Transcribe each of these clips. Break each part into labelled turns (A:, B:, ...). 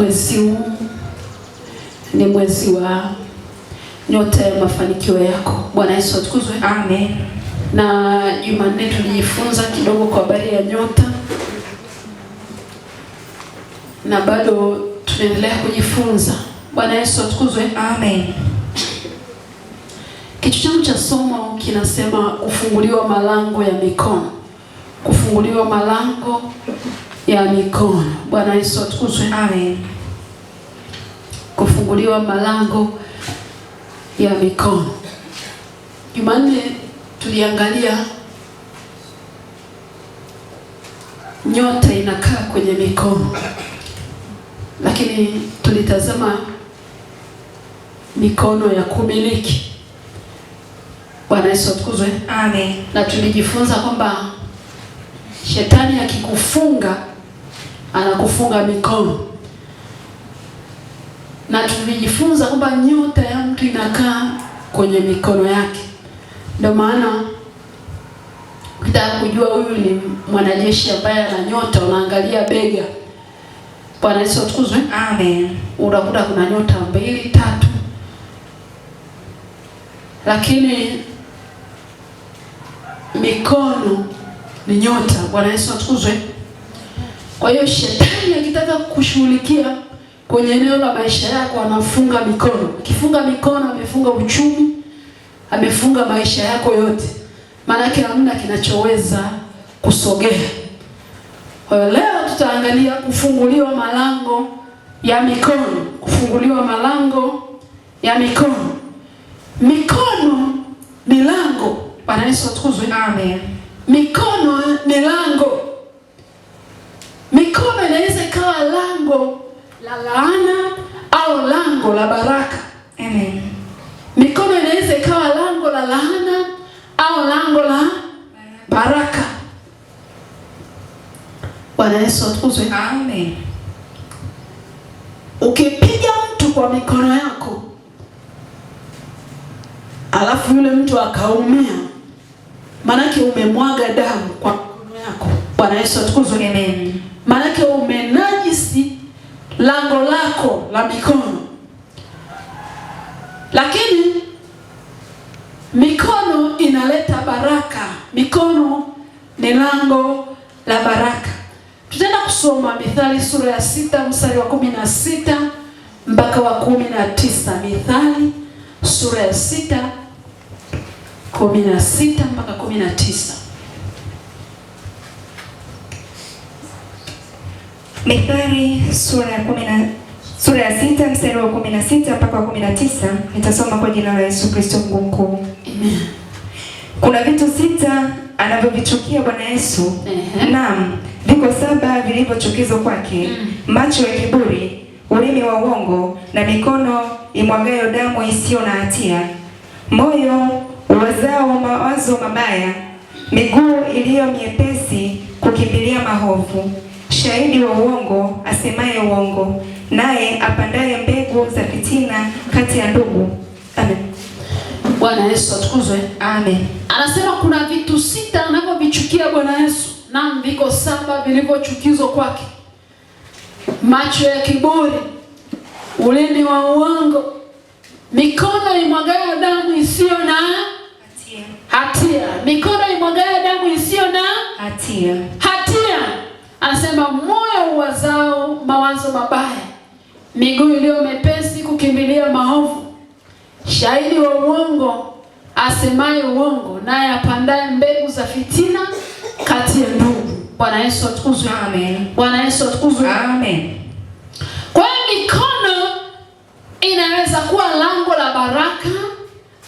A: Mwezi huu ni mwezi wa nyota ya mafanikio yako. Bwana Yesu atukuzwe. Amen. Na Jumanne tulijifunza kidogo kwa habari ya nyota na bado tunaendelea kujifunza. Bwana Yesu atukuzwe. Amen. Kichwa changu cha somo kinasema kufunguliwa malango ya mikono, kufunguliwa malango ya mikono. Bwana Yesu atukuzwe. Amen kufunguliwa malango ya mikono. Jumanne tuliangalia nyota inakaa kwenye mikono, lakini tulitazama mikono ya kumiliki. Bwana Yesu atukuzwe, amen. Na tulijifunza kwamba shetani akikufunga anakufunga mikono na tulijifunza kwamba nyota ya mtu inakaa kwenye mikono yake. Ndio maana ukitaka kujua huyu ni mwanajeshi ambaye ana nyota, unaangalia bega. Bwana Yesu atukuzwe, amen. Unakuta kuna nyota mbili tatu, lakini mikono ni nyota. Bwana Yesu atukuzwe. Kwa hiyo shetani akitaka kushughulikia kwenye eneo la maisha yako anafunga mikono. Akifunga mikono, amefunga uchumi, amefunga maisha yako yote, maanake hamna kinachoweza kusogea. Kwa hiyo leo tutaangalia kufunguliwa malango ya mikono, kufunguliwa malango ya mikono. Mikono ni lango. Bwana Yesu atukuzwe. Amen. Mikono ni lango. Mikono inaweza ikawa lango la laana au lango la baraka. Amen. Mikono inaweza ikawa lango la laana au lango la baraka. Bwana Yesu atukuzwe. Amen. Ukipiga mtu kwa mikono yako alafu yule mtu akaumia, maanake umemwaga damu kwa mikono yako. Bwana Yesu atukuzwe. Amen. Maanake ume lango lako la mikono, lakini mikono inaleta baraka. Mikono ni lango la baraka. Tutaenda kusoma Mithali sura ya sita mstari wa kumi na sita mpaka wa kumi na tisa Mithali sura ya sita kumi na sita mpaka kumi na tisa Mithali sura ya kumi na sura ya sita mstari wa kumi na sita mpaka wa kumi na tisa nitasoma kwa jina la Yesu Kristo Mungu mkuu. Kuna vitu sita anavyovichukia Bwana Yesu uh -huh. Naam, viko saba vilivyochukizwa kwake uh mm. -huh. Macho ya kiburi, ulimi wa uongo na mikono imwagayo damu isiyo na hatia, moyo uwazao mawazo mabaya, miguu iliyo miepesi kukimbilia mahovu shahidi wa uongo asemaye uongo, naye apandaye mbegu za fitina kati ya ndugu. Amen. Bwana Yesu atukuzwe. Amen. Anasema kuna vitu sita anavyovichukia Bwana Yesu, na viko saba vilivyochukizwa kwake: macho ya kiburi, ulimi wa uongo, mikono imwagayo damu isiyo na hatia, hatia, mikono imwagayo damu isiyo na hatia, hatia. Anasema moyo uwazao mawazo mabaya, miguu iliyo mepesi kukimbilia maovu, shahidi wa uongo asemaye uongo, naye apandaye mbegu za fitina kati ya ndugu. Bwana Yesu atukuzwe, amen. Bwana Yesu atukuzwe, amen. Kwa hiyo mikono inaweza kuwa lango la baraka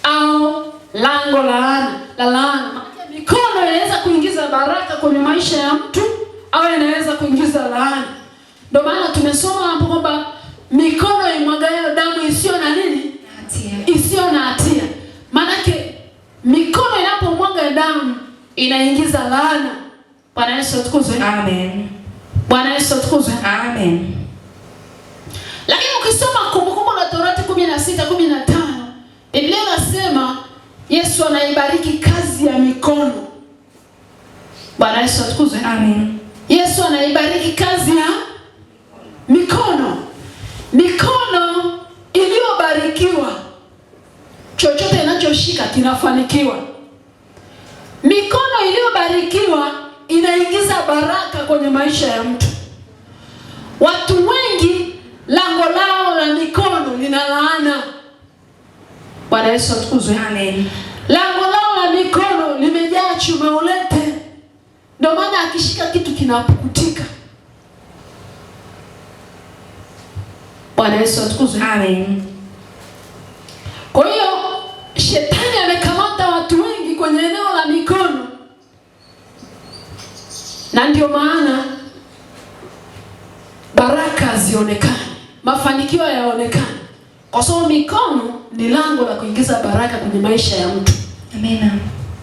A: au lango la laana la laana. Mikono inaweza kuingiza baraka kwenye maisha ya mtu ndio maana tumesoma hapo kwamba mikono imwagayo damu isiyo na nini, isiyo na hatia. Maanake mikono inapomwaga damu inaingiza laana. Bwana Yesu atukuzwe, amen. Bwana Yesu atukuzwe, amen. Lakini ukisoma Kumbukumbu la Torati 16:15 Biblia inasema Yesu anaibariki kazi ya mikono. Bwana Yesu atukuzwe, amen. Yesu anaibariki kazi ya mikono, mikono iliyobarikiwa, chochote inachoshika kinafanikiwa. Mikono iliyobarikiwa inaingiza baraka kwenye maisha ya mtu. Watu wengi lango lao la mikono lina laana. Bwana Yesu atukuzwe. Amen. Lango lao la mikono limejaa chumeulete ulete, ndio maana akishika kitu kinapukutika. Bwana Yesu atukuzwe. Amen. Kwa hiyo shetani amekamata watu wengi kwenye eneo la mikono, na ndio maana baraka zionekane, mafanikio yaonekane, kwa sababu mikono ni lango la kuingiza baraka kwenye maisha ya mtu. Amen.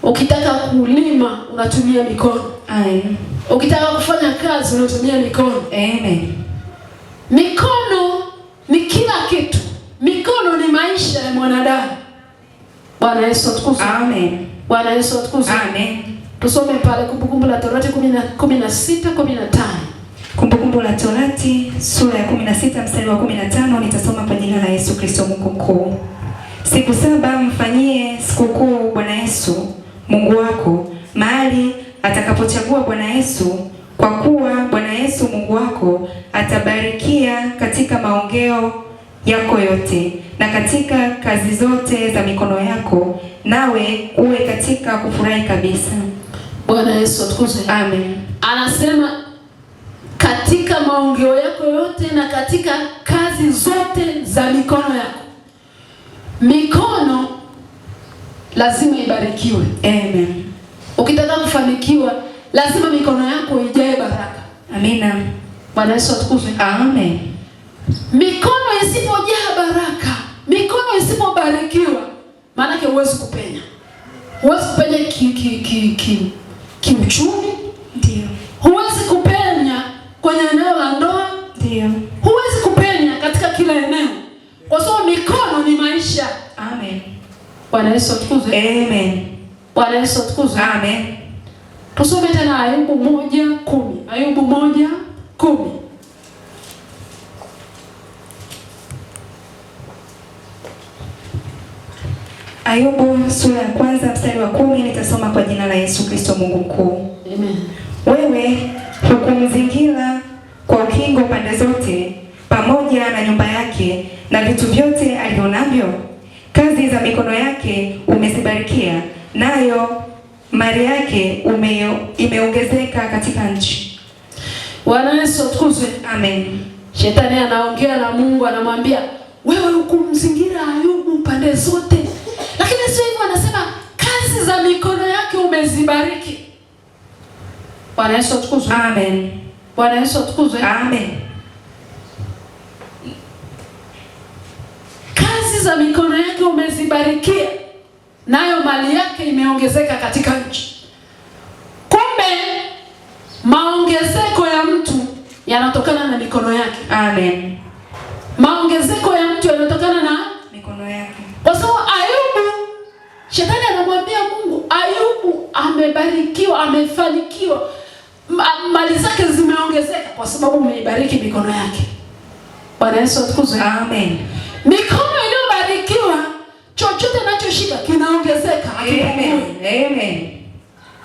A: Ukitaka kulima unatumia mikono. Amen. Ukitaka kufanya kazi unatumia mikono. Amen. Mikono kila kitu. Mikono ni maisha ya mwanadamu. Bwana Yesu atukuzwe. Amen. Bwana Yesu atukuzwe. Amen. Tusome pale Kumbukumbu la Torati 16 15. Kumbukumbu la Torati sura ya 16 mstari wa 15, nitasoma kwa jina la Yesu Kristo Mungu mkuu. Siku saba mfanyie sikukuu Bwana Yesu Mungu wako mahali atakapochagua Bwana Yesu, kwa kuwa Bwana Yesu Mungu wako atabarikia katika maongeo yako yote na katika kazi zote za mikono yako, nawe uwe katika kufurahi kabisa. Bwana Yesu atukuzwe. Amen. Anasema katika maongeo yako yote na katika kazi zote za mikono yako. Mikono lazima ibarikiwe. Amen. Ukitaka kufanikiwa lazima mikono yako ijae baraka. Amina. Bwana Yesu atukuzwe. Amen. Mikono Usipobarikiwa maana yake huwezi kupenya, huwezi kupenya ki ki ki ki kiuchumi, ndio. Huwezi kupenya kwenye eneo la ndoa, ndio. Huwezi kupenya katika kila eneo, kwa sababu mikono ni maisha. Amen. Bwana Yesu atukuzwe. Amen. Bwana Yesu atukuzwe. Amen. Tusome tena Ayubu moja kumi. Ayubu moja kumi. Ayubu sura ya kwanza mstari wa kumi nitasoma kwa jina la Yesu Kristo Mungu mkuu. Amen. Wewe hukumzingira kwa ukingo pande zote, pamoja na nyumba yake na vitu vyote alivyo kazi za mikono yake umezibarikia, nayo mali yake imeongezeka katika nchi. Bwana Yesu atukuzwe. Amen. Shetani anaongea na Mungu, anamwambia wewe hukumzingira Ayubu pande zote Yesu hivyo anasema kazi za mikono yake umezibariki. Bwana Yesu atukuzwe. Amen. Bwana Yesu atukuzwe. Amen. Kazi za mikono yake umezibarikia, nayo mali yake imeongezeka katika nchi. Kumbe maongezeko ya mtu yanatokana na mikono yake. Amen. Maongezeko ya mtu yanatokana na mikono yake, kwa sababu amebarikiwa, amefanikiwa, mali zake zimeongezeka kwa sababu umeibariki mikono yake. Bwana Yesu atukuzwe, amen. Mikono iliyobarikiwa, chochote anachoshika kinaongezeka, amen, amen.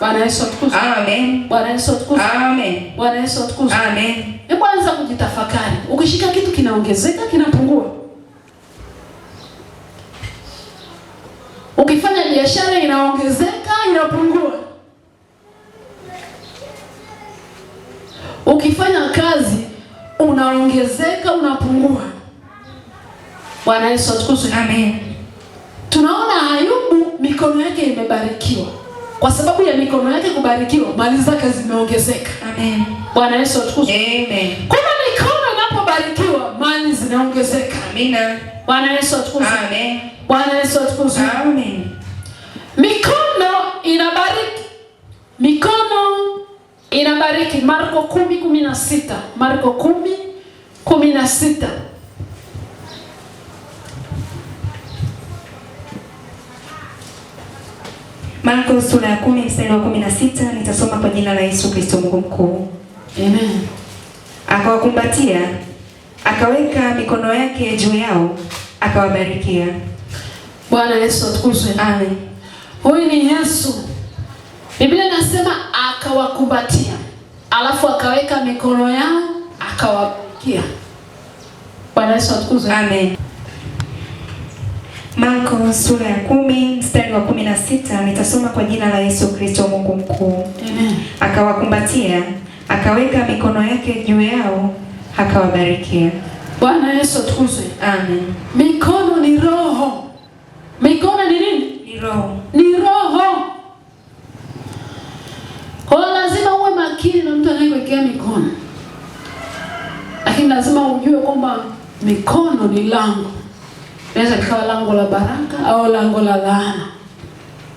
A: Bwana Yesu atukuzwe, amen. Bwana Yesu atukuzwe, amen. Bwana Yesu atukuzwe, amen. Hebu anza kujitafakari, ukishika kitu kinaongezeka, kinapungua ukifanya biashara inaongezeka, inapungua. Ukifanya kazi unaongezeka, unapungua. Bwana Yesu atukuzwe, amen. Tunaona Ayubu mikono yake imebarikiwa, kwa sababu ya mikono yake kubarikiwa, mali zake zimeongezeka. Amen. Bwana Yesu atukuzwe, amen. Kwa mikono inapobarikiwa, mali zinaongezeka. Amina. Bwana Yesu atukuzwe, amen. Bwana Yesu atukuzwe, amen. Mikono inabariki, mikono inabariki. Marko 10:16, Marko 10:16, Marko sura ya 10 mstari wa 16, nitasoma kwa jina la Yesu Kristo Mungu mkuu. Amen. Akawakumbatia, akaweka mikono yake juu yao, akawabarikia. Bwana Yesu atukuzwe. Amen. Huyu ni Yesu. Biblia inasema akawakumbatia, alafu akaweka mikono yao akawapikia. Bwana Yesu atukuzwe. Amen. Marko sura ya kumi mstari wa kumi na sita nitasoma kwa jina la Yesu Kristo Mungu mkuu. Amen. Akawakumbatia, akaweka mikono yake juu yao, akawabarikia. Bwana Yesu atukuzwe. Amen. Mikono ni roho. Mikono ni nini? Ni roho. Ni mikono. Kwa hiyo lazima uwe makini na mtu anayekuwekea mikono, lakini lazima ujue kwamba mikono ni lango, inaweza ikawa lango la baraka au lango la laana.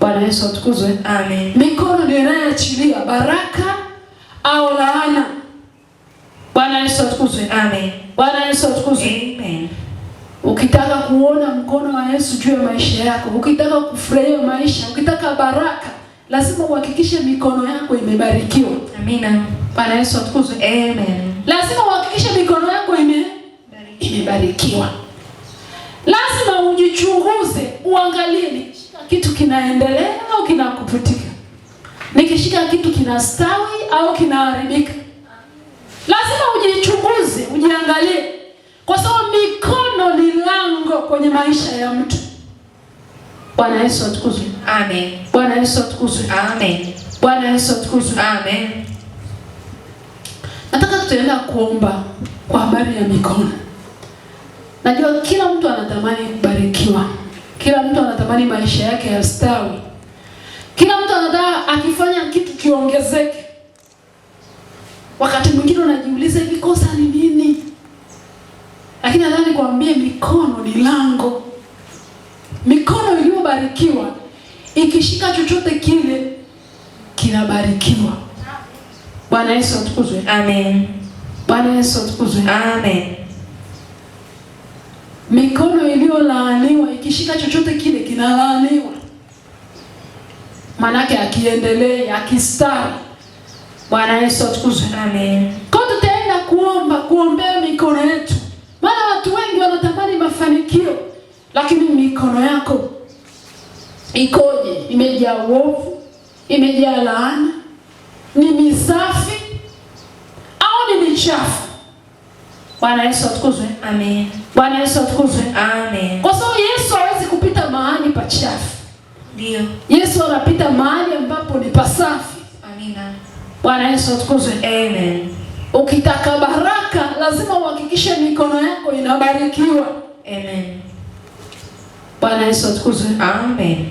A: Bwana Yesu atukuzwe, amen. Mikono ndio inayoachilia baraka au laana. Bwana Yesu atukuzwe, amen. Bwana Yesu atukuzwe, amen. Ukitaka kuona mkono wa Yesu juu ya maisha yako, ukitaka kufurahia maisha, ukitaka baraka, lazima uhakikishe mikono yako imebarikiwa. Amina. Bwana Yesu atukuzwe. Amen. Lazima uhakikishe mikono yako ime imebarikiwa. Lazima ujichunguze, uangalie ni kitu kinaendelea au kinakuputika. Nikishika kitu kinastawi au kinaharibika. Lazima ujichunguze, ujiangalie kwa sababu mikono ni lango kwenye maisha ya mtu. Bwana Yesu atukuzwe. Amen. Bwana Yesu atukuzwe. Amen. Bwana Yesu atukuzwe. Amen. Nataka tutaenda kuomba kwa habari ya mikono. Najua kila mtu anatamani kubarikiwa. Kila mtu anatamani maisha yake yastawi. Kila mtu anataka akifanya kitu kiongezeke. Wakati mwingine unajiuliza hivi kosa ni nini? Lakini nadhani kuambie, mikono ni lango. Mikono iliyobarikiwa ikishika chochote kile kinabarikiwa. Bwana Yesu atukuzwe, amen. Bwana Yesu atukuzwe, amen. Mikono iliyolaaniwa ikishika chochote kile kinalaaniwa, maanake akiendelee akistari. Bwana Yesu atukuzwe, amen. Kwa tutaenda kuomba kuombea mikono yetu lakini mikono yako ikoje? Imejaa uovu, imejaa laana, ni misafi au ni michafu? Bwana Yesu atukuzwe, amen. Bwana Yesu atukuzwe, amen. Kwa sababu Yesu hawezi kupita mahali pachafu, ndio Yesu anapita mahali ambapo ni pasafi. Amina. Bwana Yesu atukuzwe, amen. Ukitaka baraka lazima uhakikishe mikono yako inabarikiwa, amen. Para essas coisas. Amém.